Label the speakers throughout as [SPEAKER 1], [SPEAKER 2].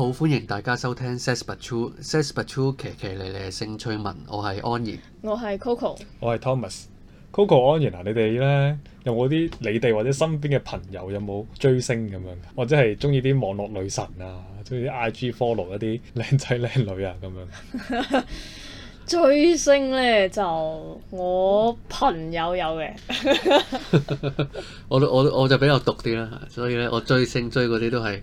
[SPEAKER 1] 好，歡迎大家收聽 but but oo, 奇奇利利《Says But True》，《Says But True》，奇奇咧咧嘅性趣聞，我係安然，
[SPEAKER 2] 我係 Coco，
[SPEAKER 3] 我係 Thomas，Coco，安然，啊，你哋咧有冇啲你哋或者身邊嘅朋友有冇追星咁樣，或者係中意啲網絡女神啊，中意啲 IG follow 一啲靚仔靚女啊咁樣？
[SPEAKER 2] 追星咧就我朋友有嘅
[SPEAKER 3] 我我
[SPEAKER 1] 我就比較毒啲啦，所以咧我追星追嗰啲都係。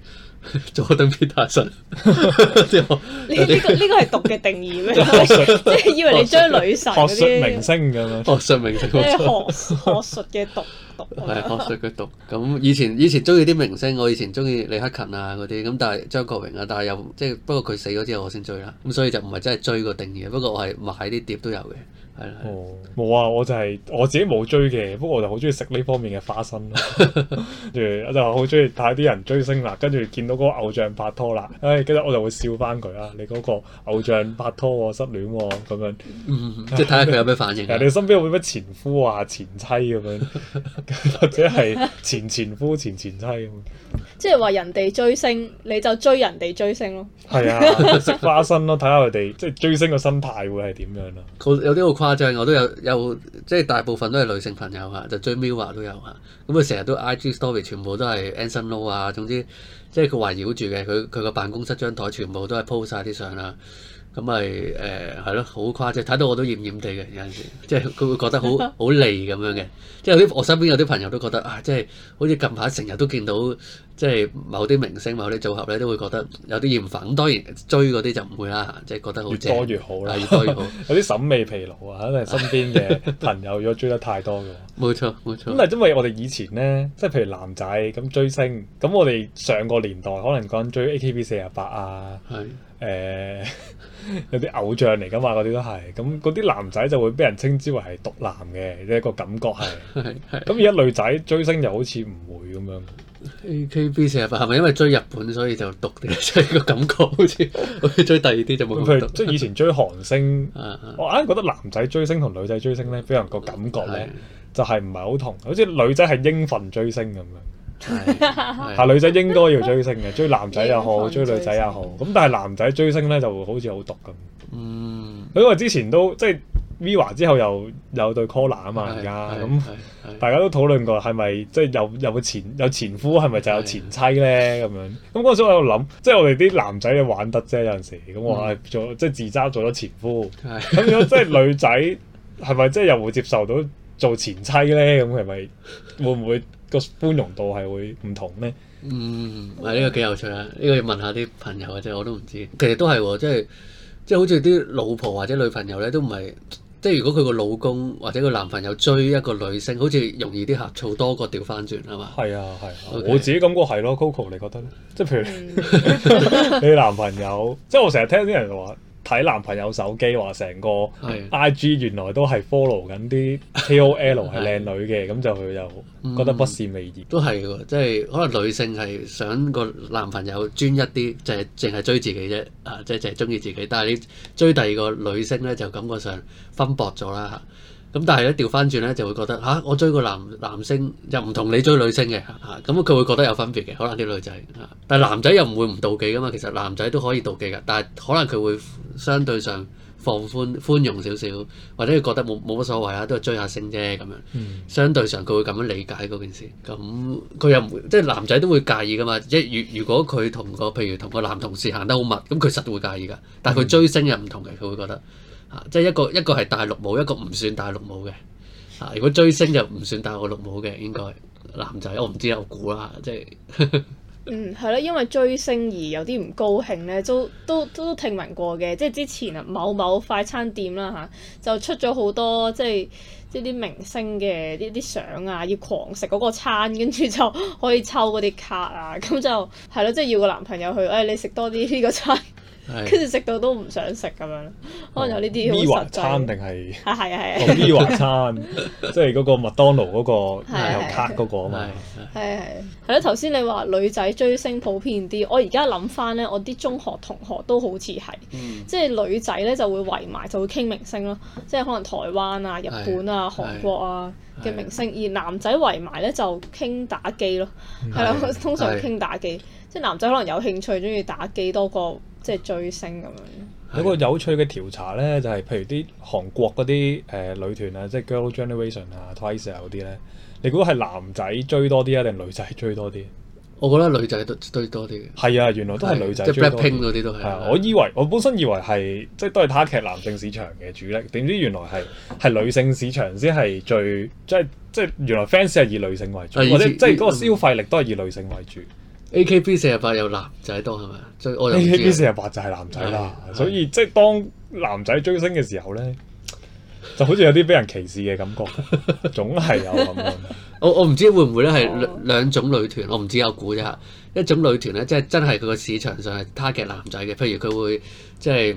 [SPEAKER 1] 做等皮塔神呢？呢個呢個係讀嘅定義咩？即係以為你追女神學學，學術明星咁樣，學術明星學術嘅毒，讀係學術嘅毒。咁 以前以前中意啲明星，我以前中意李克勤啊嗰啲。咁但係張國榮啊，但係又即係，就是，不過佢死咗之後我先追啦。咁所以就唔係真係追個定義，不過我係買啲碟都有嘅。
[SPEAKER 3] 哦，冇啊！我就係、是、我自己冇追嘅，不過我就好中意食呢方面嘅花生咯，跟住我就好中意睇啲人追星啦，跟住見到嗰個偶像拍拖啦，唉、哎，跟住我就會笑翻佢啊！你嗰個偶像拍拖喎，失戀喎、啊，咁樣，
[SPEAKER 1] 嗯、即係睇下佢有咩
[SPEAKER 3] 反應。啊， 你身邊會咩前夫啊前妻咁樣， 或者係前前夫前前妻咁。
[SPEAKER 2] 即係話人哋追星，你就追人哋追星咯。
[SPEAKER 3] 係啊，食花生咯，睇下佢哋即係追星嘅心態會係點樣啦。有啲好誇
[SPEAKER 1] 張，我都有有，即係大部分都係女性朋友啊，就追 Mirror 都有啊。咁佢成日都 IG Story 全部都係 Anson Lo 啊，總之即係佢圍繞住嘅。佢，佢個辦公室張台全部都係鋪晒啲相啦。咁咪誒，係咯，好誇張，睇到我都厭厭哋嘅。有陣時即係佢會覺得好好膩咁樣嘅。即係有啲我身邊有啲朋友都覺得啊，即係好似近排成日都見到。即係某啲明星、某啲組合咧，都會覺得有啲厭煩。
[SPEAKER 3] 當然追嗰啲就唔會啦，即係覺得好多越好啦，越多越好。 有啲審美疲勞啊，因為身邊嘅朋友如果追得太多嘅，
[SPEAKER 1] 冇錯冇錯。咁係
[SPEAKER 3] 因為我哋以前咧，即係譬如男仔咁追星，咁我哋上個年代可能講追 AKB 四啊八啊，係是、呃、有啲偶像嚟㗎嘛，嗰啲都係。咁嗰啲男仔就會俾人稱之為毒男嘅，即、這、一個感覺係。咁而家女仔追星就好似唔會咁樣。
[SPEAKER 1] AKB 四
[SPEAKER 3] 十八係咪因為追日本所以就毒，定係個感覺好似好似追第二啲就冇咁，即係以前追韓星 我硬覺得男仔追星同女仔追星咧，俾人個感覺咧就係唔係好同， 好似女仔係應份追星咁樣係， 女仔應該要追星嘅，追男仔又好，追女仔又好。咁但係男仔追星咧就會好似好毒咁， 嗯，因為之前都即係。Viva 之後又有對 Collar 啊嘛，而家咁大家都討論過係咪即係有有個前有前夫係咪就有前妻咧咁樣？咁嗰陣時我喺度諗，即係我哋啲男仔嘅玩得啫有陣時咁，我做即係自嘲做咗前夫咁樣，即係女仔係咪即係又會接受到做前妻咧？咁係咪會唔會個寬容度係會唔同咧？嗯，
[SPEAKER 1] 係呢個幾有趣啊！呢個要問下啲朋友即啫，我都唔知。其實都係喎，即係即係好似啲老婆或者女朋友咧都唔係。即係如果佢個老公或者個男朋友追一個女性，好似容易啲呷醋多過掉翻轉係嘛？
[SPEAKER 3] 係啊係，啊 Okay. 我自己感覺係咯 Coco 你覺得咧？即係譬如你, 你男朋友，即係我成日聽啲人話。睇男朋友手機話，成個 I G 的原來都係 follow 緊啲 K O L 係靚女嘅，咁的就佢就覺得不善未言。
[SPEAKER 1] 都係喎，即係可能女性係想個男朋友專一啲，就係淨係追自己啫，啊，即係淨係中意自己。但係你追第二個女性呢，就感覺上分薄咗啦。咁但係咧，調翻轉咧，就會覺得吓、啊，我追個男男星又唔同你追女星嘅嚇，咁佢會覺得有分別嘅，可能啲女仔嚇、啊，但係男仔又唔會唔妒忌噶嘛，其實男仔都可以妒忌噶，但係可能佢會相對上放寬寬容少少，或者佢覺得冇冇乜所謂啦，都係追下星啫咁樣。嗯、相對上佢會咁樣理解嗰件事。咁佢又唔會即係男仔都會介意噶嘛？即如如果佢同個譬如同個男同事行得好密，咁佢實會介意噶。但係佢追星又唔同嘅，佢會覺得。即係一個一個係大陸冇，一個唔算大陸冇嘅。啊！如果追星就唔算大陸冇嘅，應該男仔我唔知有估啦。即係 嗯
[SPEAKER 2] 係啦，因為追星而有啲唔高興咧，都都都聽聞過嘅。即係之前啊，某某快餐店啦吓、啊，就出咗好多即係即係啲明星嘅呢啲相啊，要狂食嗰個餐，跟住就可以抽嗰啲卡啊。咁就係咯，即係要個男朋友去誒、哎，你食多啲呢個餐。跟住食到都唔想食咁樣，可能有呢啲。伊華餐定
[SPEAKER 3] 係啊，係啊係啊，個伊華餐，即係嗰個麥當勞嗰、嗰個有 卡嗰個啊嘛。係
[SPEAKER 2] 係係啦。頭先你話女仔追星普遍啲，我而家諗翻咧，我啲中學同學都好似係，嗯、即係女仔咧就會圍埋就會傾明星咯，即係可能台灣啊、日本啊、的韓國啊嘅明星，的而男仔圍埋咧就傾打機咯，
[SPEAKER 3] 係、嗯、啦，通常傾
[SPEAKER 2] 打機的，即係男仔可能有興趣中意打機多過。即係追星咁樣。
[SPEAKER 3] 有的個有趣嘅調查咧，就係、是、譬如啲韓國嗰啲誒女團啊，即係 Girl Generation 啊、Twice 啊嗰啲咧，你估係男仔追多啲啊，定女仔追多啲？我覺得女仔都追多啲。係啊，原來都係女仔。即係 Blackpink 嗰啲都係的的。我以為我本身以為係即係都係睇劇男性市場嘅主力，點知原來係係女性市場先係最即係即係原來 fans 係以女性為主，啊、或者即係嗰個消費力都係以女性為主。嗯 A K B 四十八有男仔多係咪？A K B 四十八就係男仔啦，所以，是所以即係當男仔追星嘅時候咧，就好似有啲俾人歧視嘅感覺， 總係有咁樣 我。我我唔知會唔會咧係
[SPEAKER 1] 兩種女團，我唔知有估一下。一種女團咧，即係真係佢個市場上係他 a 男仔嘅，譬如佢會即係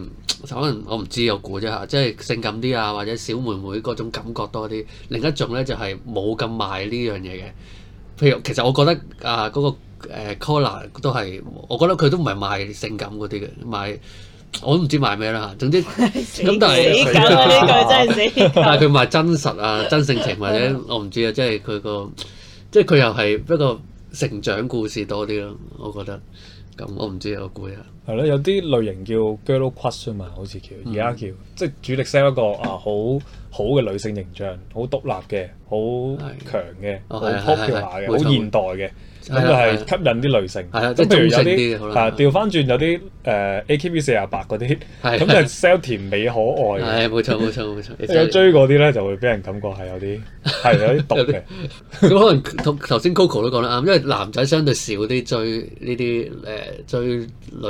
[SPEAKER 1] 可能我唔知，我估一下，即係性感啲啊，或者小妹妹嗰種感覺多啲。另一種咧就係冇咁賣呢樣嘢嘅，譬如其實我覺得啊、那個。誒，Cola 都係，我覺得佢都唔係賣性感嗰啲嘅，賣我都唔知賣咩啦嚇。總之咁，但係，但係佢賣真實啊，真性情或者我唔知啊，即係佢個即係佢又係不過成長故事多啲咯，我覺得。咁我唔知我估啊，
[SPEAKER 3] 係咯，有啲類型叫 Girl Crush 嘛，好似叫而家叫，即係主力 sell 一個啊好好嘅女性形象，好獨立嘅，好強嘅，好 popular 嘅，好現代嘅。咁就係吸引啲女性。咁譬、啊嗯、如有啲好啦，調翻轉有啲誒 AKB 四啊八嗰啲，咁就 sell 甜美可愛。係冇錯冇錯冇錯。即係追嗰啲咧就會俾人感覺係有啲係 有啲毒嘅。咁、嗯、可能同頭先 Coco 都
[SPEAKER 1] 講得啱，因為男仔相對少啲追呢啲誒追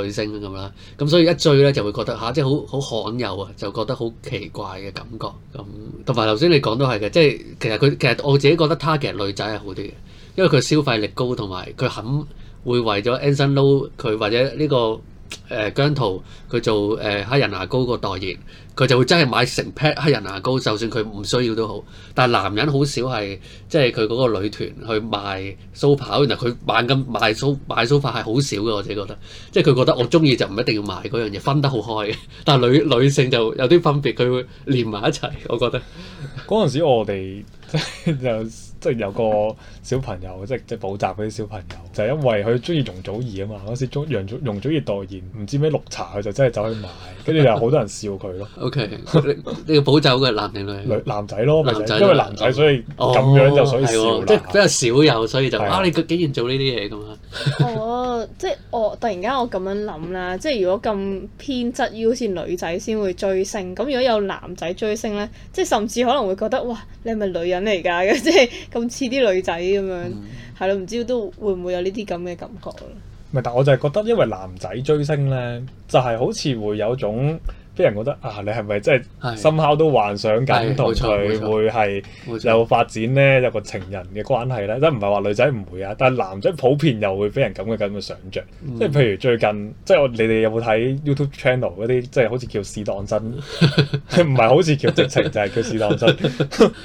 [SPEAKER 1] 女性咁啦。咁所以一追咧就會覺得嚇、啊，即係好好罕有啊，就覺得好奇怪嘅感覺。咁同埋頭先你講都係嘅，即係其實佢其，其實我自己覺得 target 女仔係好啲嘅。因為佢消費力高，同埋佢肯會為咗 Anson Lo 佢或者呢、這個誒、呃、姜濤佢做誒黑、呃、人牙膏個代言。佢就會真係買成 p a c 黑人牙膏，就算佢唔需要都好。但係男人好少係，即係佢嗰個女團去賣 s 跑，然 a 佢猛咁賣 so 賣 s o 係好少嘅，我自己覺得。即係佢覺得我中意就唔一定要買嗰樣嘢，分得好開。但係女女性就有啲分別，佢連埋一齊。我覺得
[SPEAKER 3] 嗰陣 時我哋有即係有個小朋友，即係即係補習嗰啲小朋友，就是、因為佢中意容祖兒啊嘛。嗰時容祖容祖兒代言，唔知咩綠茶，佢就真係走去買，跟住又好多人笑佢咯。 O Okay , K，
[SPEAKER 1] 你要補習嘅男定女男？男仔咯，男仔，因為男仔所以咁樣、哦、就所以少，即係、哦哦就是、比較少有，所以就對啊，你佢竟然做呢啲嘢咁啊！哦， 即
[SPEAKER 2] 係我，即我突然間我咁樣諗啦，即係如果咁偏執，好似女仔先會追星。咁如果有男仔追星咧，即係甚至可能會覺得哇，你係咪女人嚟㗎？即係咁似啲女仔咁樣，係咯、嗯？唔知都會唔會有呢啲咁嘅感覺？唔
[SPEAKER 3] 係、嗯，但我就係覺得，因為男仔追星咧，就係、是、好似會有種。俾人覺得啊，你係咪真係心口都幻想緊同佢會係有發展咧，是有個情人嘅關係咧？即唔係話女仔唔會啊？但係男仔普遍又會俾人感覺咁嘅想像。即係譬如最近，即係我你哋有冇睇 YouTube channel 嗰啲，即係好似叫試當真，唔係 好似叫直情，就係、是、叫試當真。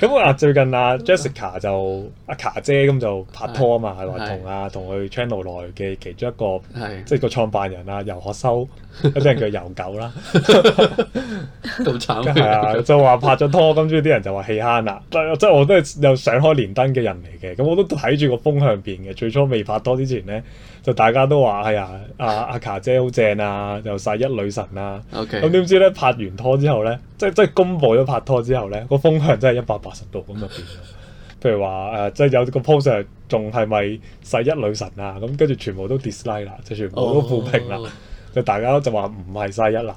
[SPEAKER 3] 咁啊，最近啊 Jessica 就阿、啊、卡姐咁就拍拖啊嘛，係話同啊同佢 channel 內嘅其中一個，即係是是個創辦人啊游學修，一啲人叫游狗啦。 好慘係啊！就話拍咗拖，咁跟住啲人就話氣慳啦。但係即係我都係又想開連登嘅人嚟嘅，咁我都睇住個風向變嘅。最初未拍拖之前咧，就大家都話哎呀，阿阿卡姐好正啊，又曬一女神啊。咁點知咧拍完拖之後咧，即係即係公布咗拍拖之後咧，個風向真係一百八十度咁就變咗。譬如話誒、呃，即係有個 post 仲係咪曬一女神啊？咁跟住全部都 dislike 啦，就全部都負評啦。就、oh，大家就話唔係曬一啦。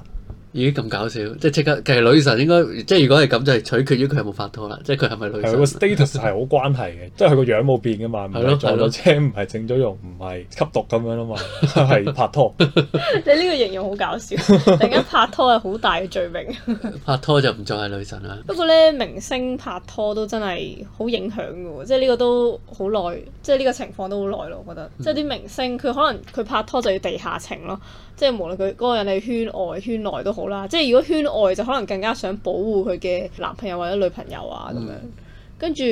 [SPEAKER 3] 已經咁搞笑，即係即刻，其實女神應該即係如果係咁，就係、是、取決於佢有冇拍拖啦。即係佢係咪女神？佢個 status 係好關係嘅， 即係佢個樣冇變嘅嘛。係咯的，撞咗車唔係整咗容，唔係的吸毒咁樣啊嘛，係 拍拖。
[SPEAKER 2] 你呢個形容好搞笑，突然間拍拖係好大嘅罪名。
[SPEAKER 3] 拍拖就唔再係女神啦。
[SPEAKER 2] 不過咧，明星拍拖都真係好影響嘅喎，即係呢個都好耐，即係呢個情況都好耐咯。我覺得，即係啲明星佢可能佢拍拖就要地下情咯，即、就、係、是、無論佢嗰個人係圈外圈內都。好啦，即係如果圈外就可能更加想保護佢嘅男朋友或者女朋友啊咁樣，嗯跟，跟住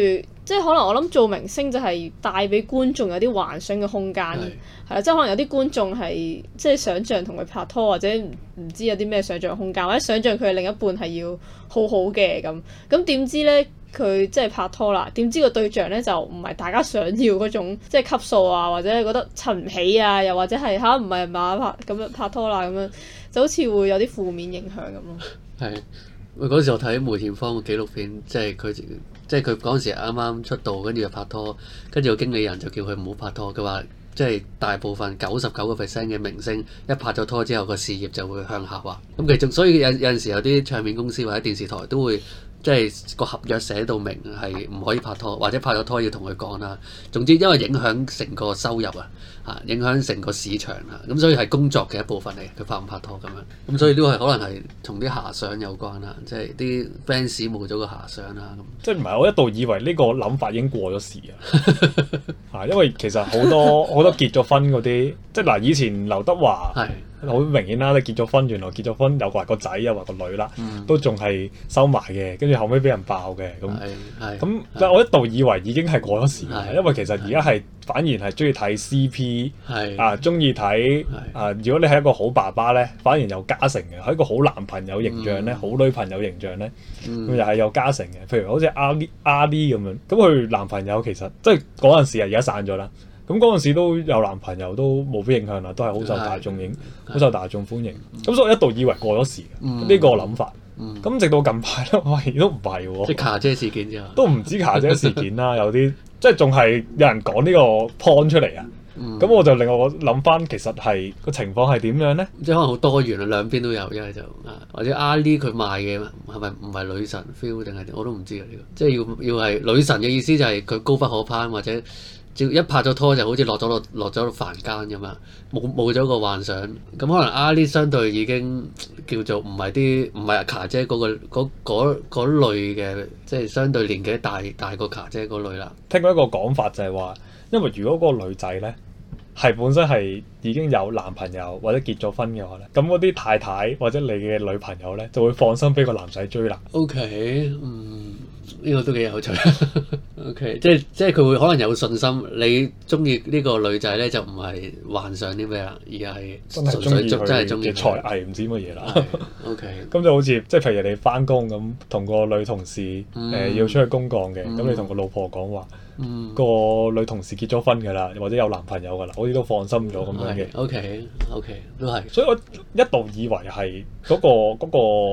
[SPEAKER 2] 即係可能我諗做明星就係帶俾觀眾有啲幻想嘅空間，係啦，即係可能有啲觀眾係即係想象同佢拍拖或者唔知有啲咩想象空間，或者想象佢嘅另一半係要好好嘅咁，咁點知呢？佢即係拍拖啦？點知個對象呢？就唔係大家想要嗰種，即係級數啊，或者覺得襯唔起啊，又或者係吓唔係麻麻拍咁樣拍拖啦咁樣。就好似會有啲負面影響咁咯。
[SPEAKER 1] 係，我嗰時我睇梅豔芳嘅紀錄片，即係佢即係佢嗰陣時啱啱出道，跟住就拍拖，跟住個經理人就叫佢唔好拍拖。佢話即係大部分九十九個 percent 嘅明星，一拍咗拖之後個事業就會向下滑。咁其實，所以有有陣時有啲唱片公司或者電視台都會。即係個合約寫到明係唔可以拍拖，或者拍咗拖要同佢講啦。總之因為影響成個收入啊，嚇影響成個市場啊，咁所以係工作嘅一部分嚟。佢拍唔拍拖咁樣，咁所以都係可能係同啲遐想有關啦。即係啲 fans 冇咗個遐
[SPEAKER 3] 想啦，即係唔係？我一度以為呢個諗法已經過咗時啊，嚇！ 因為其實好多好 多結咗婚嗰啲，即係嗱，以前劉德華係。好明顯啦，你結咗婚，原來結咗婚又話個仔，又話個女啦，都仲係收埋嘅，跟住後尾俾人爆嘅咁。咁但我一度以為已經係過咗時，因為其實而家係反而係中意睇 CP，啊中意睇啊，如果你係一個好爸爸咧，反而有加成嘅，係一個好男朋友形象咧，好女朋友形象咧，咁又係有加成嘅。譬如好似阿 Lee 咁樣，咁佢男朋友其實即係嗰陣時啊，而家散咗啦。咁嗰陣時都有男朋友，都冇咩影響啦，都係好受大眾影，好受大眾歡迎。咁所以我一度以為過咗時，呢個諗法。咁直到近排都，喂，都唔係喎。即係卡姐事件啫。都唔止卡姐事件啦，有啲即係仲係有人講呢個 point 出嚟啊。咁我就令我諗翻，其實係個情況係點樣咧？即係可能好多
[SPEAKER 1] 元啊，兩邊都有，因為就或者阿 l i 佢賣嘅係咪唔係女神 feel 定係我都唔知啊，呢個即係要要係女神嘅意思就係佢高不可攀，或者。照一拍咗拖就好似落咗落落咗凡間咁樣，冇冇咗個幻想。咁、嗯、可能阿 Lee 相對已經叫做唔係啲唔係阿卡姐嗰、嗰個類嘅，
[SPEAKER 3] 即係相對年紀大大過卡姐嗰類啦。聽過一個講法就係話，因為如果個女仔呢係本身係已經有男朋友或者結咗婚嘅話呢，咁嗰啲太太或者你嘅女朋友呢，就會放心俾個男仔追啦。O、okay, K，嗯。
[SPEAKER 1] 呢個都幾有趣。OK，即係即係佢會可能有信心，你鍾意呢個女仔咧就唔係幻想啲咩啦，而係真係鍾意佢嘅才
[SPEAKER 3] 藝唔知乜嘢啦。OK，咁就好似即係譬如你翻工咁，同個女同事誒、呃、要出去公幹嘅，咁、嗯、你同個老婆講話，嗯、個女同事結咗婚噶啦，或者有男朋友噶啦，好似都放心咗咁樣嘅。OK，OK，okay, okay, 都係。所以我一度以為係嗰、那個嗰、那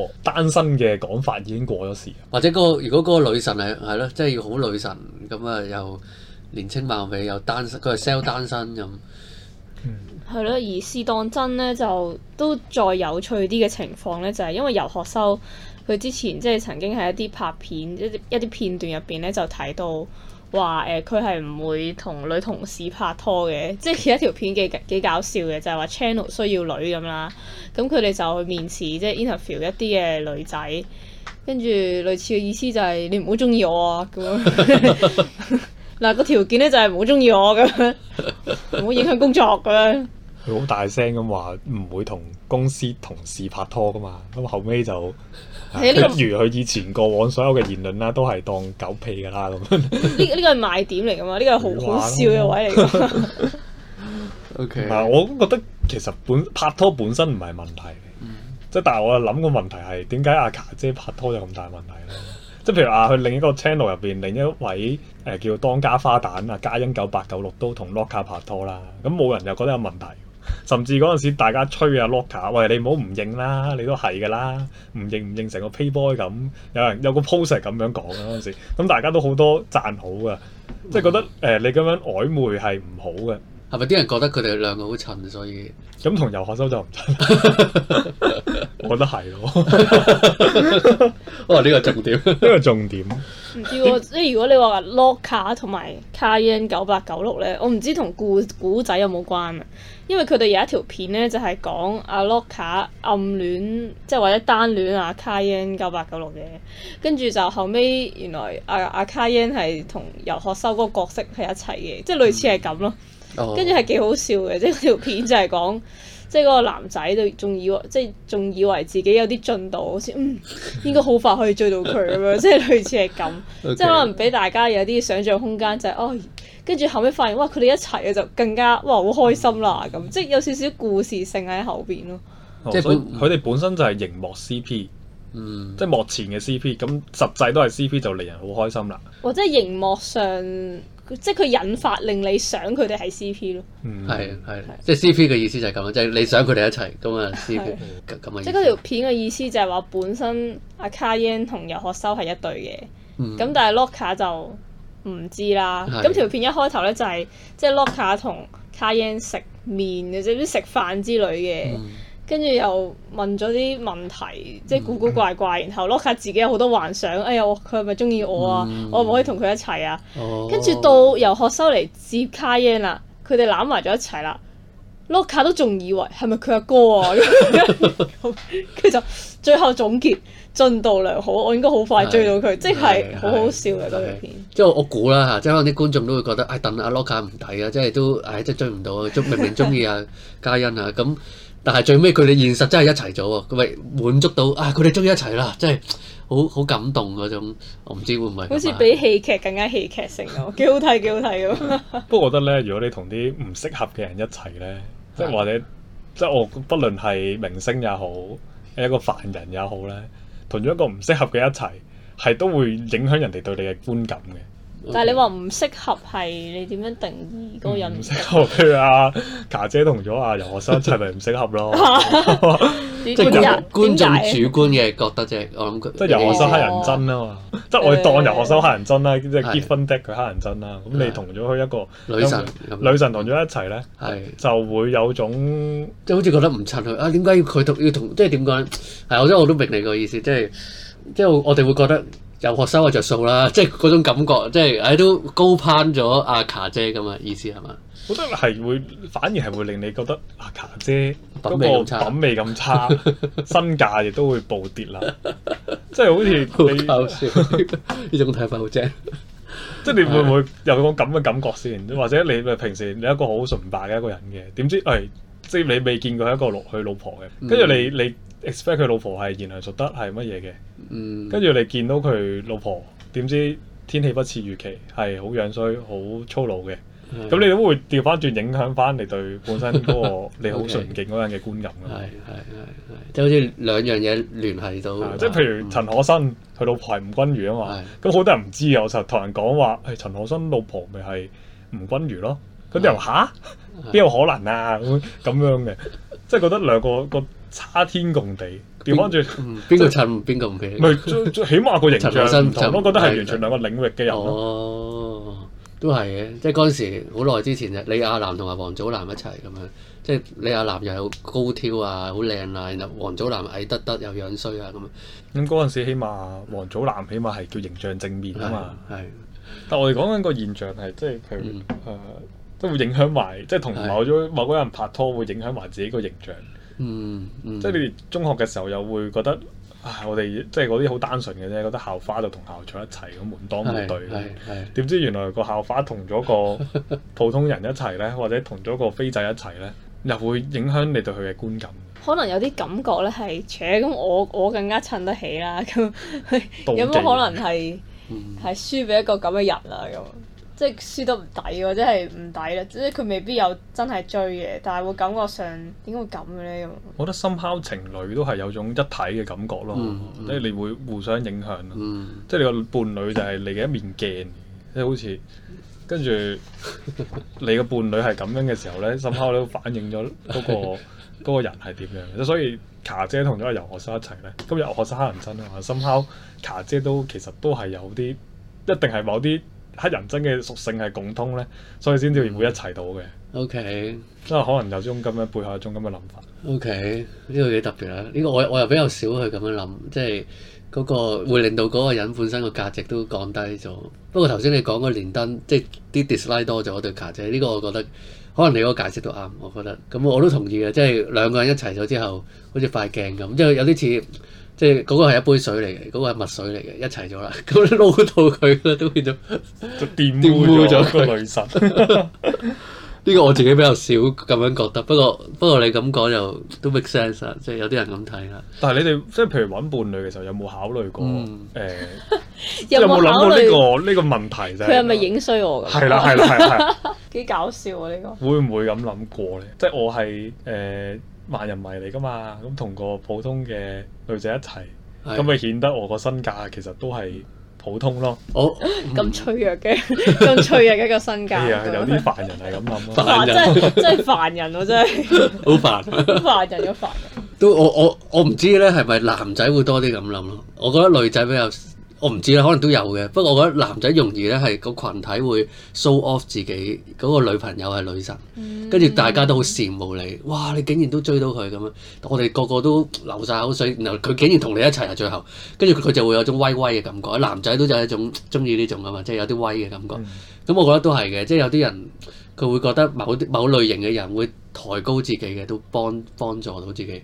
[SPEAKER 3] 個單身嘅講法已經過咗時。 或者嗰個如
[SPEAKER 1] 果嗰、那個。女神係係咯，即係要好女神咁啊，又年青貌美又單身，佢係 sell 單身咁。
[SPEAKER 2] 係咯、嗯， 而試當真咧就都再有趣啲嘅情況咧，就係、是、因為游學修佢之前即係曾經喺一啲拍片一啲一啲片段入邊咧，就睇到話誒佢係唔會同女同事拍拖嘅，即係有一條片幾幾搞笑嘅，就係話 channel 需要女咁啦，咁佢哋就去面試即係 interview 一啲嘅女仔。跟住，類似嘅意思就係你唔好中意我啊，咁樣。嗱 個條件咧就係唔好中意我咁樣，唔好影響工作咁樣。
[SPEAKER 3] 佢好大聲咁話唔會同公司同事拍拖噶嘛，咁後尾就不 如佢以前過往所有嘅言論啦，都係當狗屁噶啦，咁呢
[SPEAKER 2] 呢個係、這個、賣點嚟噶嘛？呢、這個係好語話 好笑嘅位
[SPEAKER 3] 嚟噶。 O Okay . K，我覺得其實本拍拖本身唔係問題。即但係我又諗個問題係點解阿卡姐拍拖有咁大問題咧？即係譬如話，去另一個 channel 入邊另一位誒、呃、叫當家花旦啊，嘉欣九八九六都同 Loca 拍拖啦，咁冇人又覺得有問題，甚至嗰陣時大家吹阿 Loca 喂你唔好唔認啦，你都係噶啦，唔認唔認成個 payboy 咁，有人有個 pose 係咁樣講嘅嗰陣時，咁大家都好多讚好多贊好嘅，即係覺得誒、呃、你咁樣曖昧係唔好嘅。係咪啲人覺得佢哋兩個好襯，所以咁同遊學修就唔襯？ 我覺得係咯。 我話呢個重點， 呢 個重點、 哦。唔
[SPEAKER 2] 知喎，即係如果你話 Locka 同埋 Karen 九八九六咧，我唔知同故故，故仔有冇關啊？因為佢哋有一條片咧，就係、是、講阿 Locka、ok、暗戀，即係或者單戀阿 Karen 九八九六嘅。跟住就後尾，原來阿阿 Karen 係同遊學修嗰個角色係一齊嘅，即係類似係咁咯。嗯跟住係幾好笑嘅，即係條片就係講， 即係嗰個男仔都仲以為，即係仲以為自己有啲進度，好似嗯應該好快可以追到佢咁 樣，Okay. 即係類似係咁，即係可能俾大家有啲想像空間，就是，就係哦，跟住後尾發現哇，佢哋一齊嘅就更加哇好開心啦咁，即係有少少故事性喺後邊咯。即係
[SPEAKER 3] 佢哋本身就係熒幕 CP，嗯，即係幕前嘅 CP，咁實際都係 CP 就令人好開心啦。
[SPEAKER 2] 或者熒幕上。即係佢引發令你想佢哋係 CP 咯、嗯，係
[SPEAKER 1] 係是即係 CP 嘅意思就係咁，即係是你想佢哋一齊咁啊 CP 咁嘅。V, 是即係嗰條
[SPEAKER 2] 片嘅意思就係話本身阿卡恩同游學修係一對嘅，咁、嗯、但係洛 a 就唔知啦。咁是條片一開頭咧就係即係洛 a 同卡恩食麵或者食飯之類嘅。嗯跟住又問咗啲問題，即係古古怪怪。然後 Locka 自己有好多幻想，哎呀，佢係咪中意我啊？我唔可以同佢一齊啊？跟住到游學修嚟接 Kayen 啦，佢哋攬埋咗一齊啦。Locka 都仲以為係咪佢阿哥啊？咁，佢就最後總結進度良好，我應該好快追到佢，即係好好笑嘅嗰部片。
[SPEAKER 1] 即係我估啦，即係可能啲觀眾都會覺得，哎，鄧阿 Locka 唔抵啊！即係都，哎，真追唔到啊！中明明中意啊，嘉欣啊，咁。但係最尾佢哋現實真係一齊咗喎，咪滿足到啊！佢哋終於一齊啦，真係好好感動嗰種。我唔
[SPEAKER 3] 知會唔會好似比
[SPEAKER 2] 戲劇更加戲劇性咯，幾 好睇幾好睇咁。
[SPEAKER 3] 不過我覺得咧，如果你同啲唔適合嘅人一齊咧，即係或者是的 即係我，不論係明星也好，一個凡人也好咧，同咗一個唔適合嘅一齊，係都會影響人哋對你嘅觀感嘅。但係你話
[SPEAKER 2] 唔適合係你點樣定義嗰個人？
[SPEAKER 3] 唔適合，譬如阿卡姐同咗阿游學生係咪唔適合咯、啊？
[SPEAKER 2] 即係觀眾主
[SPEAKER 3] 觀嘅覺得啫。我諗即係游學生黑人憎啊嘛，哎、呀即係我當游學生黑人憎啦、啊。即係結婚的佢黑人憎啦。咁你同咗佢一個是女神，女神同咗一齊咧，就會有種即係好似覺得唔襯佢啊？點解要佢同要
[SPEAKER 1] 同？即係點講？係，我真我都明你個意思，即係即係我我哋會覺得。就是有學生嘅着數啦，即係嗰種感覺，即係誒都高攀咗阿、啊、卡姐咁嘅意思係嘛？
[SPEAKER 3] 覺得係會反而係會令你覺得阿、啊、卡姐品味咁差，身 價亦都會暴跌啦。 即係好似你笑，呢 種睇法好正。 即係你會唔會有個咁嘅感覺先？ 或者你咪平時你一個好崇拜嘅一個人嘅，點知誒、哎、即係你未見過一個落去老婆嘅，跟住你你。 expect 佢老婆係賢良淑德係乜嘢嘅，跟住、嗯、你見到佢老婆，點知天氣不似預期，係好樣衰好粗魯嘅，咁、嗯、你都會調翻轉影響翻你對本身嗰、那個 你好純潔嗰樣嘅觀感咯。係係係，即係好似兩樣嘢聯繫到，即係譬如陳可辛佢老婆係吳君如啊嘛，咁好、嗯嗯、多人唔知啊，我就同人講話係陳可辛老婆咪係吳君如咯，咁啲人話嚇，邊有可能啊，咁咁樣嘅，即係覺得兩個得兩個。差天共地，調翻轉，邊、就是嗯、個襯邊個唔俾？唔係最、就是、 起碼個形象唔同咯，身身覺得係完全兩個領域嘅人咯、
[SPEAKER 1] 哦。都係嘅，即係嗰陣時好耐之前啊，李亞男同埋王祖藍一齊咁樣，即係李亞男又有高挑啊，好靚啊，然後
[SPEAKER 3] 王祖藍矮得得又樣衰啊咁。咁嗰陣時起碼王祖藍起碼係叫形象正面啊嘛。係，但係我哋講緊個現象係即係誒、嗯呃，都會影響埋，即係同某咗某個人拍拖會影響埋自己個形象。
[SPEAKER 1] 嗯，
[SPEAKER 3] 嗯即係你哋中學嘅時候，又會覺得，啊，我哋即係嗰啲好單純嘅啫，覺得校花就同校草一齊咁門當戶對。係點知原來個校花同咗個普通人一齊呢， 或者同咗個飛仔一齊呢，又會影響你對佢嘅觀感。
[SPEAKER 2] 可能有啲感覺呢係，扯咁我我更加襯得起啦。咁
[SPEAKER 3] 有冇可能
[SPEAKER 2] 係係輸俾一個咁嘅人啊？咁。即係輸得唔抵喎，真係唔抵啦！即係佢未必有真係追嘅，但係會感覺上點解會咁嘅咧？咁我
[SPEAKER 3] 覺得 somehow 情侶都係有一種一體嘅感覺咯，mm, mm, 即係你會互相影響咯。Mm, 即係你個伴侶就係你嘅一面鏡，即、就、係、是、好似跟住你個伴侶係咁樣嘅時候咧，somehow 都反映咗嗰、那個嗰 個人係點樣。即係所以，卡姐同咗阿遊學生一齊咧，咁遊學生黑人憎啊嘛，somehow 卡姐都其實都係有啲一,一定係某啲。黑人憎嘅屬性係共通咧，所以先至會一齊到嘅。OK，即係可能有種咁樣背後有種咁嘅諗法。OK，呢個幾特別啊！
[SPEAKER 1] 呢、這個我我又比較少去咁樣諗，即係嗰個會令到嗰個人本身個價值都降低咗。不過頭先你講嗰連登，即係啲 dislike 多咗對卡姐，呢、這個我覺得可能你個解釋都啱。我覺得咁我都同意嘅，即係兩個人一齊咗之後，好似塊鏡咁，即係有啲似。即係嗰、那個係一杯水嚟嘅，嗰、那個係墨水嚟嘅，一齊咗啦，咁 撈到佢都變咗，就玷污咗 個女神。 呢 個我自己比較少咁樣覺得，不過不過，不過你咁講就都 make sense 啊，即係有啲人咁
[SPEAKER 3] 睇啦。但係你哋即係譬如揾伴侶嘅時候，有冇考慮過誒？嗯欸、有冇諗過呢、這個呢 他們 個問題啫、就是？佢係咪
[SPEAKER 2] 影衰我㗎？係啦係啦係啦，幾 搞笑啊 呢個！會
[SPEAKER 3] 唔會咁諗過咧？即係我係誒。呃萬人迷嚟噶嘛，咁同個普通嘅女仔一齊，咁咪的顯得我個身價其實都係普通咯。好
[SPEAKER 2] 咁、哦、脆弱嘅，咁 脆弱嘅一個身價。 人啊，
[SPEAKER 3] 有啲凡人係咁諗咯。
[SPEAKER 1] 真係
[SPEAKER 2] 真係凡 煩 人喎，真係。好凡，凡人嘅凡。
[SPEAKER 1] 都我我我唔知咧，係咪男仔會多啲咁諗咯？我覺得女仔比較。我唔知啦，可能都有嘅。不過我覺得男仔容易咧，係個群體會 show off 自己嗰、嗰個女朋友係女神，跟住、mm hmm. 大家都好羨慕你。哇！你竟然都追到佢咁樣，我哋個個都流晒口水。然後佢竟然同你一齊啊，最後跟住佢就會有種威威嘅感覺。男仔都就係一種中意呢種啊嘛，即係有啲威嘅感覺。咁、mm hmm. 嗯、我覺得都係嘅，即係有啲人佢會覺得某某類型嘅人會抬高自己嘅，都幫幫助到自己。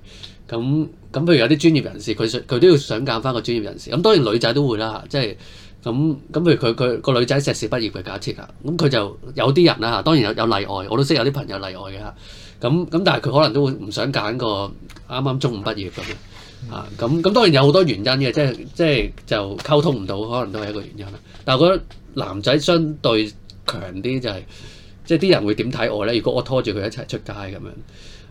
[SPEAKER 1] 咁咁譬如有啲專業人士，佢佢都要想揀返個專業人士。咁、嗯、當然女仔都會啦，即係咁咁譬如佢佢個女仔碩士畢業嘅假設啊，咁、嗯、佢就有啲人啦嚇。當然有有例外，我都識有啲朋友例外嘅嚇。咁、嗯、咁但係佢可能都會唔想揀個啱啱中五畢業咁啊。咁、嗯、咁、嗯嗯嗯、當然有好多原因嘅，即係即係就溝通唔到，可能都係一個原因。但係我覺得男仔相對強啲就係、係就係，即係啲人會點睇我咧？如果我拖住佢一齊出街咁樣。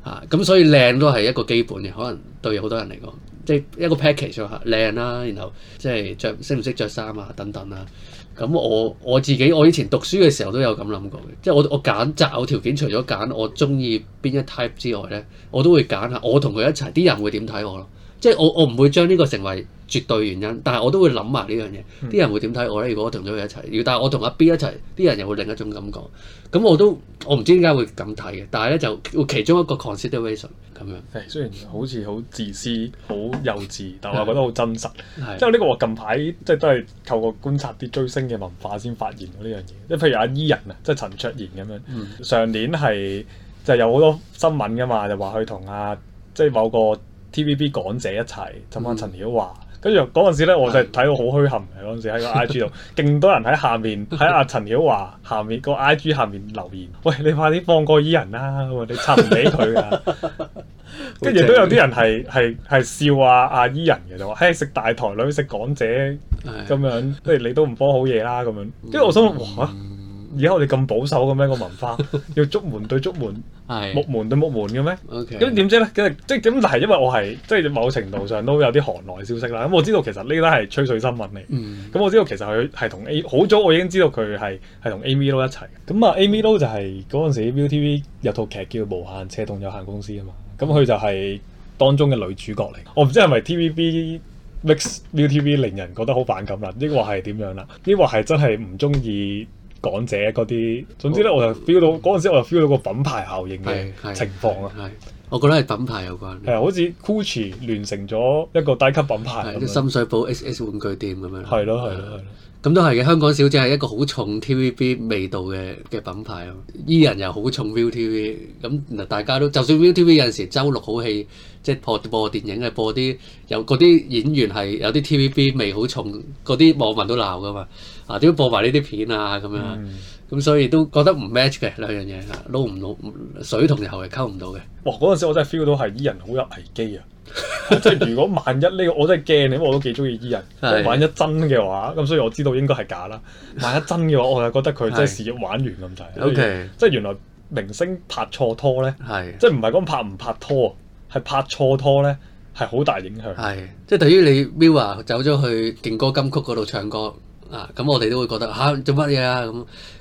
[SPEAKER 1] 啊，咁、嗯、所以靚都係一個基本嘅，可能對好多人嚟講，即係一個 package，靚啦、啊，然後即係著識唔識着衫啊等等啦、啊。咁、嗯、我我自己我以前讀書嘅時候都有咁諗過嘅，即係我我揀擇偶條件除咗揀我中意邊一 type 之外咧，我都會揀下我同佢一齊啲人會點睇我咯，即係我我唔會將呢個成為絕對原因，但係我都會諗埋、嗯、呢樣嘢。啲人會點睇我咧？如果我同咗佢一齊，如果但係我同阿 B 一齊，啲人又會另一種感覺。咁我都我唔知點
[SPEAKER 3] 解會咁睇嘅，但係咧就會其中一個 consideration 咁樣。誒，雖然好似好自私、好幼稚，但我覺得好真實。即係呢個我近排即係都係透過觀察啲追星嘅文化先發現到呢樣嘢。即係譬如阿伊、e、人、嗯、啊，即係陳卓賢咁樣，上年係就有好多新聞㗎嘛，就話佢同阿即係某個 T.V.B. 港姐一齊，就問陳曉華。嗯跟住嗰陣時咧，我就睇到好虛憾。嗰陣時喺個 I G 度，勁 多人喺下面，喺阿陳曉華下面、個 I G 下面留言，喂，你快啲放過伊人啦！你插唔起佢啊！跟住都有啲人係係係笑話阿伊人嘅，就話：嘿、哎、食大台女食港姐咁 樣，即係你都唔幫好嘢啦咁樣。跟住我想話，哇！而家我哋咁保守咁樣個文化，要竹門對竹門， 木門對木門嘅咩？咁點 Okay. 知咧？即係即係咁？係因為我係即係某程度上都有啲寒內消息啦。咁我知道其實呢單係吹水新聞嚟。咁、嗯嗯、我知道其實佢係同 A 好早我已經知道佢係係同 Amy Lo 一齊。咁啊，Amy Lo 就係嗰陣時 Viu TV 有套劇叫《無限斜棟有限公司》啊嘛。咁佢就係當中嘅女主角嚟。我唔知係咪 TVB mix Viu TV 令人覺得好反感啦、啊，抑或係點樣啦、啊？抑或係真係唔中意？港姐嗰啲，總之咧，哦、我就 feel 到嗰陣、嗯、時我就 feel 到個品牌效應嘅情況啊！我覺得係品牌有關，係好似 Gucci 聯成咗一個低級品牌，啲深水埗 SS 玩具店咁樣。係咯，係咯，係咯。
[SPEAKER 1] 咁都係嘅，香港小姐係一個好重 TVB 味道嘅嘅品牌咯，依人 又好重 ViuTV，咁嗱大家都就算 ViuTV 有陣時周六好戲，即係播播電影啊，播啲有嗰啲演員係有啲 TVB 味好重，嗰啲網民都鬧噶嘛，啊點播埋呢啲片啊咁樣。嗯咁所以都覺得唔 match 嘅兩樣嘢，撈
[SPEAKER 3] 唔撈水同油係溝唔到嘅。哇！嗰陣時我真係 feel 到係伊人好有危機啊！ 即係如果萬一呢個，我真係驚，因為我都幾中意伊人。萬一真嘅話，咁所以我知道應該係假啦。萬一真嘅話，我又覺得佢真係事業玩完咁滯。O.K. 即係原來明星拍錯拖咧，是即係唔係講拍唔拍拖啊？係拍錯拖咧，係好大影響。係即係對於你 Mirror，走咗去勁歌金曲嗰度唱歌。
[SPEAKER 1] 啊，咁我哋都會覺得嚇做乜嘢啊咁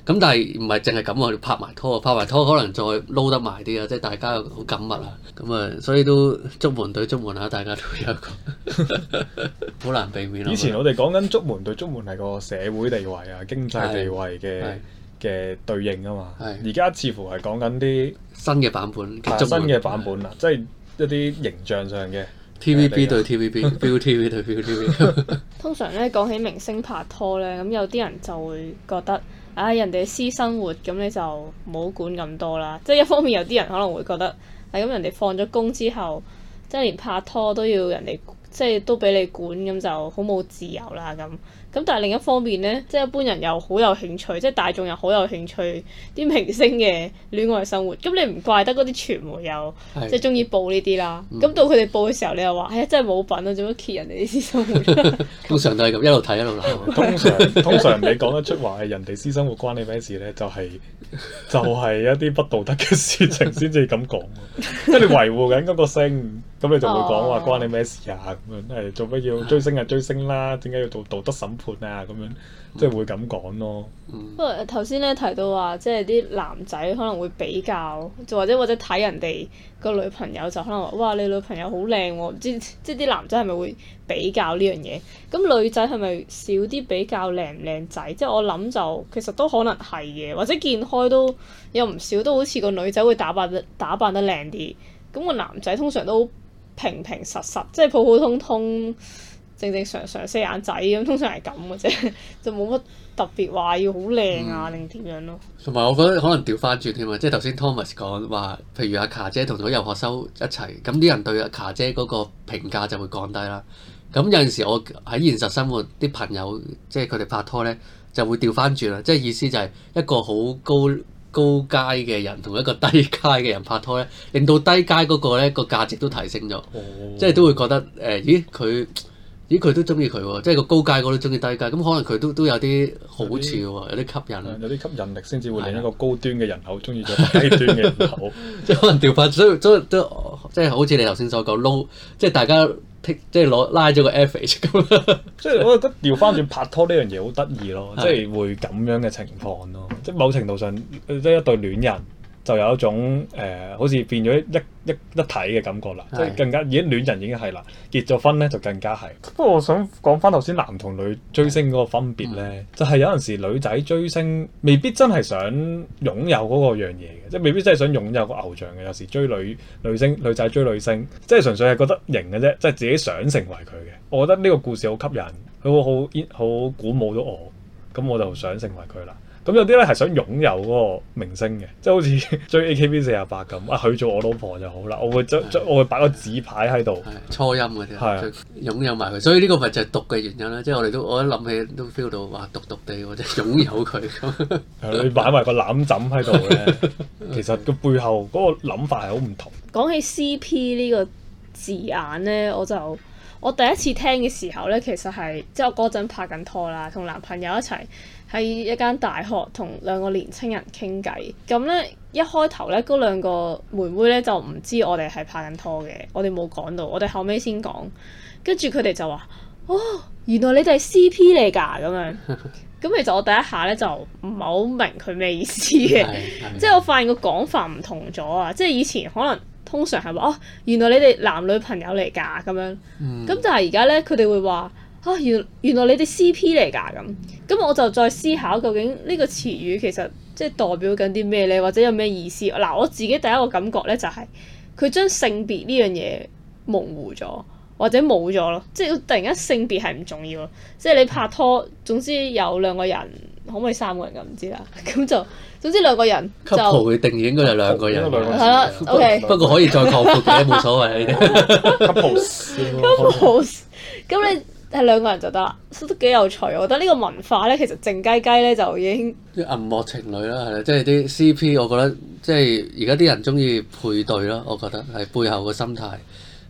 [SPEAKER 1] 咁，但係唔係淨係咁喎，我哋拍埋拖，拍埋拖可能再撈得埋啲啊，即係大家好緊密啊，咁啊，所以都竹門對竹門啊，大家都有一個
[SPEAKER 3] 好難避免啊。以前我哋講緊竹門對竹門係個社會地位啊、經濟地位嘅嘅對應啊嘛，而家似乎係講緊啲新嘅版本，新嘅版本啊，即係一啲形象上嘅。T.V.B. 對 T.V.B.，ViuTV 對 ViuTV。
[SPEAKER 2] 通常咧講起明星拍拖咧，咁有啲人就會覺得啊、哎，人哋私生活咁你就冇管咁多啦。即係一方面有啲人可能會覺得係咁，人哋放咗工之後，即係連拍拖都要人哋。即係都俾你管，咁就好冇自由啦咁。咁但係另一方面咧，即係一般人又好有興趣，即係大眾又好有興趣啲明星嘅戀愛生活。咁你唔怪得嗰啲傳媒又的即係中意報呢啲啦。咁、嗯、到佢哋報嘅時候，你又話：哎呀，真係冇品啊！做乜揭人哋私生活？
[SPEAKER 3] 通常都係咁，一路睇一路鬧。通常通常你講得出話係人哋私生活關你咩事咧？就係、是、就係、是、一啲不道德嘅事情先至咁講，即係你維護緊嗰個聲。咁你就會講話關你咩事啊？咁、哦、樣誒，做乜要追星，追星啊？追星啦，點解要做道德審判啊？咁樣即係會咁講咯。
[SPEAKER 2] 不過頭先咧提到話，即係啲男仔可能會比較，就或者或者睇人哋個女朋友就可能話：哇，你女朋友好靚喎！唔知即係啲男仔係咪會比較呢樣嘢？咁女仔係咪少啲比較靚唔靚仔？即係我諗就其實都可能係嘅，或者見開都有唔少都好似個女仔會打扮得打扮得靚啲。咁、那個男仔通常都～平平實實，即係普普通通、正正常常四眼仔咁，通常係咁嘅啫， 就冇乜特別話要好靚啊，定點、嗯、樣咯？
[SPEAKER 1] 同埋我覺得可能調翻轉添啊，即係頭先 Thomas 講話，譬如阿卡姐同咗游學修一齊，咁啲人對阿卡姐嗰個評價就會降低啦。咁有陣時我喺現實生活啲朋友，即係佢哋拍拖咧，就會調翻轉啦。即係意思就係一個好高。高階嘅人同一個低階嘅人拍拖咧，令到低階嗰、那個咧個價值都提升咗，哦、即係都會覺得誒，咦佢，咦佢都中意佢喎，即係個高階嗰都中意低階，咁可能佢都都有啲好處喎，有啲吸引，有啲吸引力先至會令一個高端嘅人口中意咗低端嘅人口， 即係可能調發，所以都都即係好似你頭先所講 low，即係大家。
[SPEAKER 3] 即係攞拉咗個 average 咁，即係我覺得掉返轉拍拖呢樣嘢好得意咯， 即係會咁樣嘅情況咯，即係某程度上即係一對戀人。就有一種誒、呃，好似變咗一一一體嘅感覺啦，的即係更加而家戀人已經係啦，結咗婚咧就更加係。不過我想講翻頭先男同女追星嗰個分別咧，的就係有陣時女仔追星未必真係想擁有嗰個樣嘢嘅，即係未必真係想擁有個偶像嘅。有時追女女星、女仔追女星，即係純粹係覺得型嘅啫，即係自己想成為佢嘅。我覺得呢個故事好吸引，佢會好好好鼓舞到我，咁我就想成為佢啦。咁有啲咧係想擁有嗰個明星嘅，即係好似追 A K B 四十八咁，啊佢做我老婆就好啦，我會將將的我會擺個紙牌喺度，初
[SPEAKER 1] 音嘅啫，的擁有埋佢，所以呢個咪就係毒嘅原因啦。即係我哋都我一諗起都 feel 到話毒
[SPEAKER 3] 毒地，我即係擁有佢咁。 你擺埋個攬枕喺度咧， 其實個背後嗰個諗法係好唔同。
[SPEAKER 2] Okay. 講起 C P 呢個字眼咧，我就我第一次聽嘅時候咧，其實係即係我嗰陣拍緊拖啦，同男朋友一齊。喺一間大學同兩個年青人傾偈，咁咧一開頭咧嗰兩個妹妹咧就唔知我哋係拍緊拖嘅，我哋冇講到，我哋後尾先講，跟住佢哋就話：哦，原來你哋係 CP 嚟㗎咁樣。咁 其實我第一下咧就唔係好明佢咩意思嘅， 即係我發現個講法唔同咗啊！即係以前可能通常係話：哦，原來你哋男女朋友嚟㗎咁樣。咁、嗯、但係而家咧佢哋會話。嚇，原、啊、原來你哋 CP 嚟㗎咁，咁我就再思考究竟呢個詞語其實即係代表緊啲咩咧，或者有咩意思？嗱、hmm. mm hmm. 嗯啊，我自己第一個感覺咧就係佢將性別呢樣嘢模糊咗，或者冇咗咯，即係突然間性別係唔重要，即、就、係、係、你拍拖，總之有兩個人，可唔可以三個人咁唔知啦。咁就總之兩個人，couple
[SPEAKER 1] 嘅定義應該係兩個人，係啦、啊嗯，ok guy。不過可以再擴闊嘅，冇所謂
[SPEAKER 2] couple，couple，咁你。係兩個人就得，都幾有趣。我覺得呢個文化呢，其實靜雞雞呢，就已經
[SPEAKER 1] 啲銀幕情侶啦，係啦，即係啲 CP 我。我覺得即係而家啲人鍾意配對咯，我覺得係背後個心態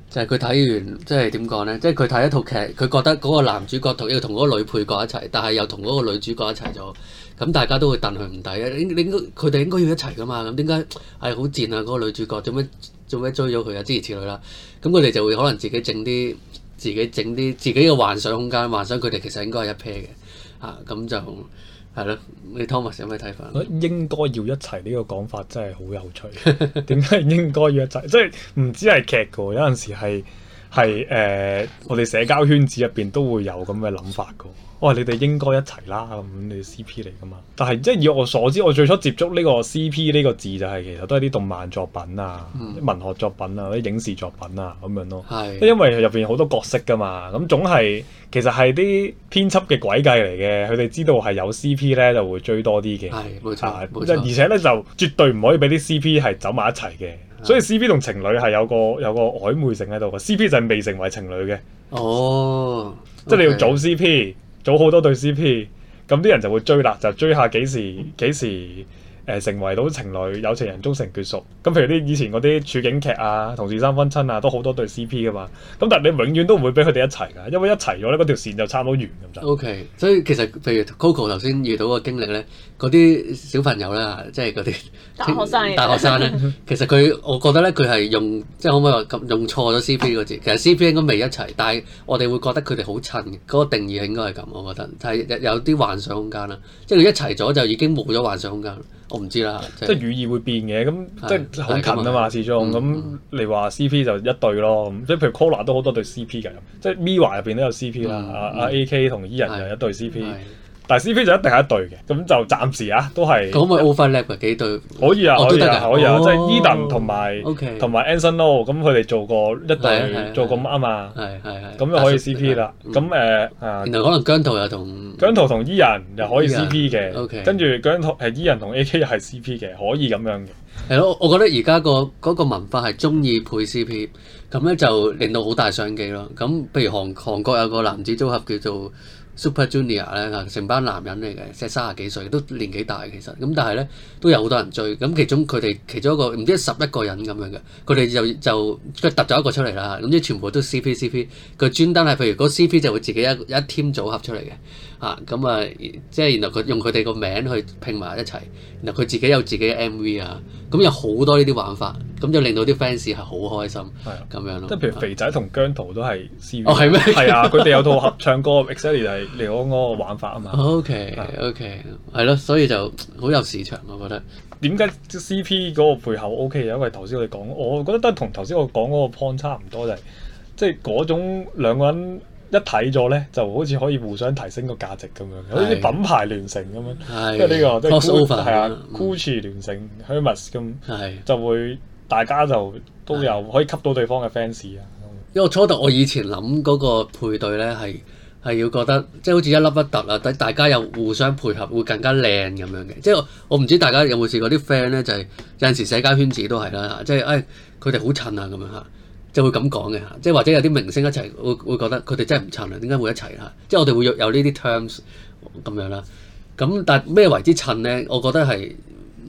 [SPEAKER 1] 就係佢睇完即係點講呢？即係佢睇一套劇，佢覺得嗰個男主角同佢同嗰個女配角一齊，但係又同嗰個女主角一齊咗。咁，大家都會戥佢唔抵。應你應佢哋應該要一齊噶嘛？咁點解係好賤啊？嗰、嗰個女主角做咩做咩追咗佢啊？諸如此類啦，咁佢哋就會可能自己整啲。自己整啲自己嘅幻想空間，幻想佢哋其實應該係一 pair 嘅，啊咁就係咯。你、啊、Thomas 有、嗯、咩睇法？我
[SPEAKER 3] 應該要一齊呢個講法真係好有趣。點解應該要一齊？ 即係唔止係劇嘅喎，有陣時係。係誒、呃，我哋社交圈子入邊都會有咁嘅諗法噶。哇，你哋應該一齊啦，咁、嗯、你 CP 嚟噶嘛？但係即係以我所知，我最初接觸呢個 CP 呢個字就係、是、其實都係啲動漫作品啊、嗯、文學作品啊、啲影視作品啊咁樣咯。係是，因為入邊好多角色噶嘛，咁總係其實係啲編輯嘅鬼計嚟嘅。佢哋知道係有 CP 咧，就會追多啲嘅。係冇錯，冇錯，而且咧就絕對唔可以俾啲 CP 係走埋一齊嘅。所以 CP 同情侶係有個有個曖昧性喺度嘅，CP 就係未成為情侶嘅。哦，oh, okay. 即係你要組 CP，組好多對 CP，咁啲人就會追啦，就追下幾時幾時。成為到情侶、有情人終成眷屬咁，譬如啲以前嗰啲處境劇啊、同事三分親啊，都好多對 CP 噶嘛。咁但係你永遠都唔會俾佢哋一齊㗎，因為一齊咗咧，嗰條線就差唔多完咁就。OK，所以其實譬如
[SPEAKER 1] Coco 頭先遇到個經歷咧，嗰啲小朋友咧，即係嗰啲大學生呢，大學生咧，其實佢我覺得咧，佢係用即係可唔可以話咁用錯咗 CP 個字？其實 CP 應該未一齊，但係我哋會覺得佢哋好襯嗰個定義應該係咁，我覺得，但係有啲幻想
[SPEAKER 3] 空間啦，即係佢一齊咗就已經冇咗幻想空間。我唔知啦，就是、即係語義會變嘅，咁即係好近啊嘛，始終終咁、嗯、你話 CP 就一對咯，即係、嗯、譬如 Cola 都好多對 CP 嘅，嗯、即係 Mia 入邊都有 CP 啦，阿、嗯、AK 同 E 人又一對 CP、嗯。嗯的但 CP 就一定係一對嘅，咁就暫時啊，都係。可唔可以 overlap 啊？幾對？可以啊，可以啊，可以啊，即係 Edan 同埋同埋 Anson Lo，咁佢哋做個一對做乜孖嘛，係係係，咁就可以 CP 啦。咁誒啊，可能姜濤又同姜濤同 Ian 又可以 CP 嘅，跟住姜濤、Ian 同 AK 又係 CP 嘅，可以咁樣嘅。係咯，
[SPEAKER 1] 我覺得而家個嗰文化係中意配 CP，咁咧就令到好大商機咯。咁譬如韓韓國有個男子組合叫做 Super Junior 咧，成班男人嚟嘅，即係三十幾歲，都年紀大其實咁，但係咧都有好多人追咁。其中佢哋其中一個唔知十一個人咁樣嘅，佢哋就就就揼咗一個出嚟啦。咁即係全部都 CP CP，佢專登係譬如嗰 CP 就會自己一一 team 組合出嚟嘅。啊，咁、嗯、啊，即係然後佢用佢哋個名去拼埋一齊，然後佢自己有自己嘅 MV 啊，咁、嗯、有好多呢啲玩法，咁就令到啲 fans 係好開心，係咁、啊、樣咯。即係譬如肥仔
[SPEAKER 3] 同姜濤都係 CP，係咩？係、哦、 啊，佢哋有套合唱歌 exactly 係嚟講嗰個玩法啊嘛。OK，OK，係咯，所以就好有市場、啊，我覺得、OK 啊。點解 CP 嗰個背後 OK 因為頭先我哋講，我覺得都係同頭先我講嗰個 point 差唔多，就係即係嗰種兩個人。一睇咗咧，就好似可以互相提升個價值咁樣，好似是品牌聯乘咁樣，即係呢個即係係啊，啊，Gucci 聯乘 Hermes 咁，就會大家就都有是可以吸到對方嘅 fans 啊。因
[SPEAKER 1] 為初頭我以前諗嗰個配對咧，係係要覺得即係、就是、好似一粒一突啊，等大家又互相配合會更加靚咁樣嘅。即係我唔知大家有冇試過啲 friend 咧，就係、是、有陣時社交圈子都係啦，即係誒佢哋好襯啊咁樣嚇。就會咁講嘅吓，即係或者有啲明星一齊會會覺得佢哋真係唔襯啊，點解會一齊吓？即係我哋會有呢啲 terms 咁樣啦。咁但咩為之襯咧？我覺得係。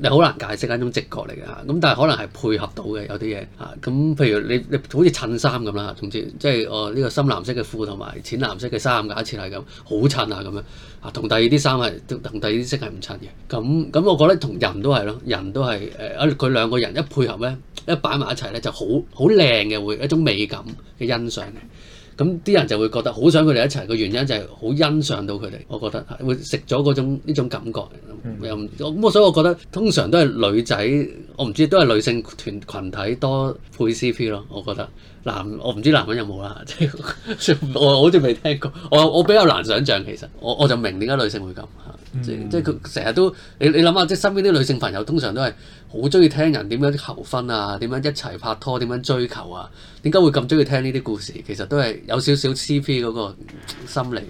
[SPEAKER 1] 你好難解釋，係一種直覺嚟嘅吓，咁但係可能係配合到嘅有啲嘢吓，咁譬如你你好似襯衫咁啦嚇，總之即係我呢個深藍色嘅褲同埋淺藍色嘅衫，假設係咁好襯啊咁樣啊，同第二啲衫係同第二啲色係唔襯嘅，咁咁我覺得同人都係咯，人都係誒啊佢兩個人一配合咧，一擺埋一齊咧就好好靚嘅，會一種美感嘅欣賞嘅。咁啲人就會覺得好想佢哋一齊嘅原因就係好欣賞到佢哋，我覺得會食咗嗰種呢種感覺。咁所以，我覺得通常都係女仔，我唔知都係女性團羣體多配 CP 咯。我覺得男我唔知男人有冇啦，即係、 我好似未聽過。我我比較難想像其實，我我就明點解女性會咁。嗯、即即佢成日都你你諗下，即身邊啲女性朋友通常都係好中意聽人點樣求婚啊，點樣一齊拍拖，點樣追求啊？點解會咁中意聽呢啲故事？其實都係有少少 CP 嗰個心理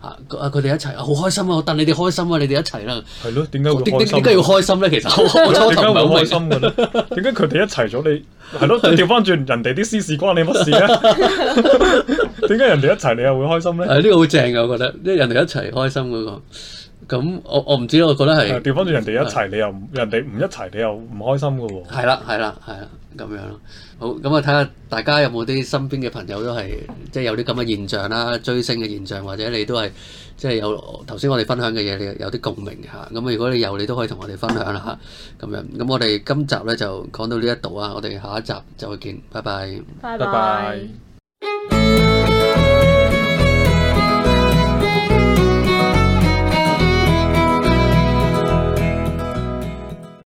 [SPEAKER 1] 啊！佢哋一齊好、啊、開心啊，我戥你哋開心啊，你哋一齊啦、啊。係
[SPEAKER 3] 咯？點解會點解要開心咧、啊？哦心啊、其實點解唔係好開心嘅咧？點解佢哋一齊咗你係咯？調翻轉人哋啲私事關你乜事咧？點 解人哋一齊你又會開心咧？呢、 啊呢個好正嘅，我覺得，即人哋一齊開心嗰、嗰個。咁我我唔知，我覺得係掉翻轉人哋一齊是，你又人哋唔一齊，你又唔開心嘅喎。係啦，係啦，係啦，咁樣咯。好，
[SPEAKER 1] 咁啊睇下大家有冇啲身邊嘅朋友都係即係有啲咁嘅現象啦，追星嘅現象，或者你都係即係有頭先我哋分享嘅嘢，你有有啲共鳴嚇。咁如果你有，你都可以同我哋分享啦嚇。咁樣，咁我哋今集咧就講到呢一度啊，我哋下一集再見，拜拜，拜拜，拜，拜。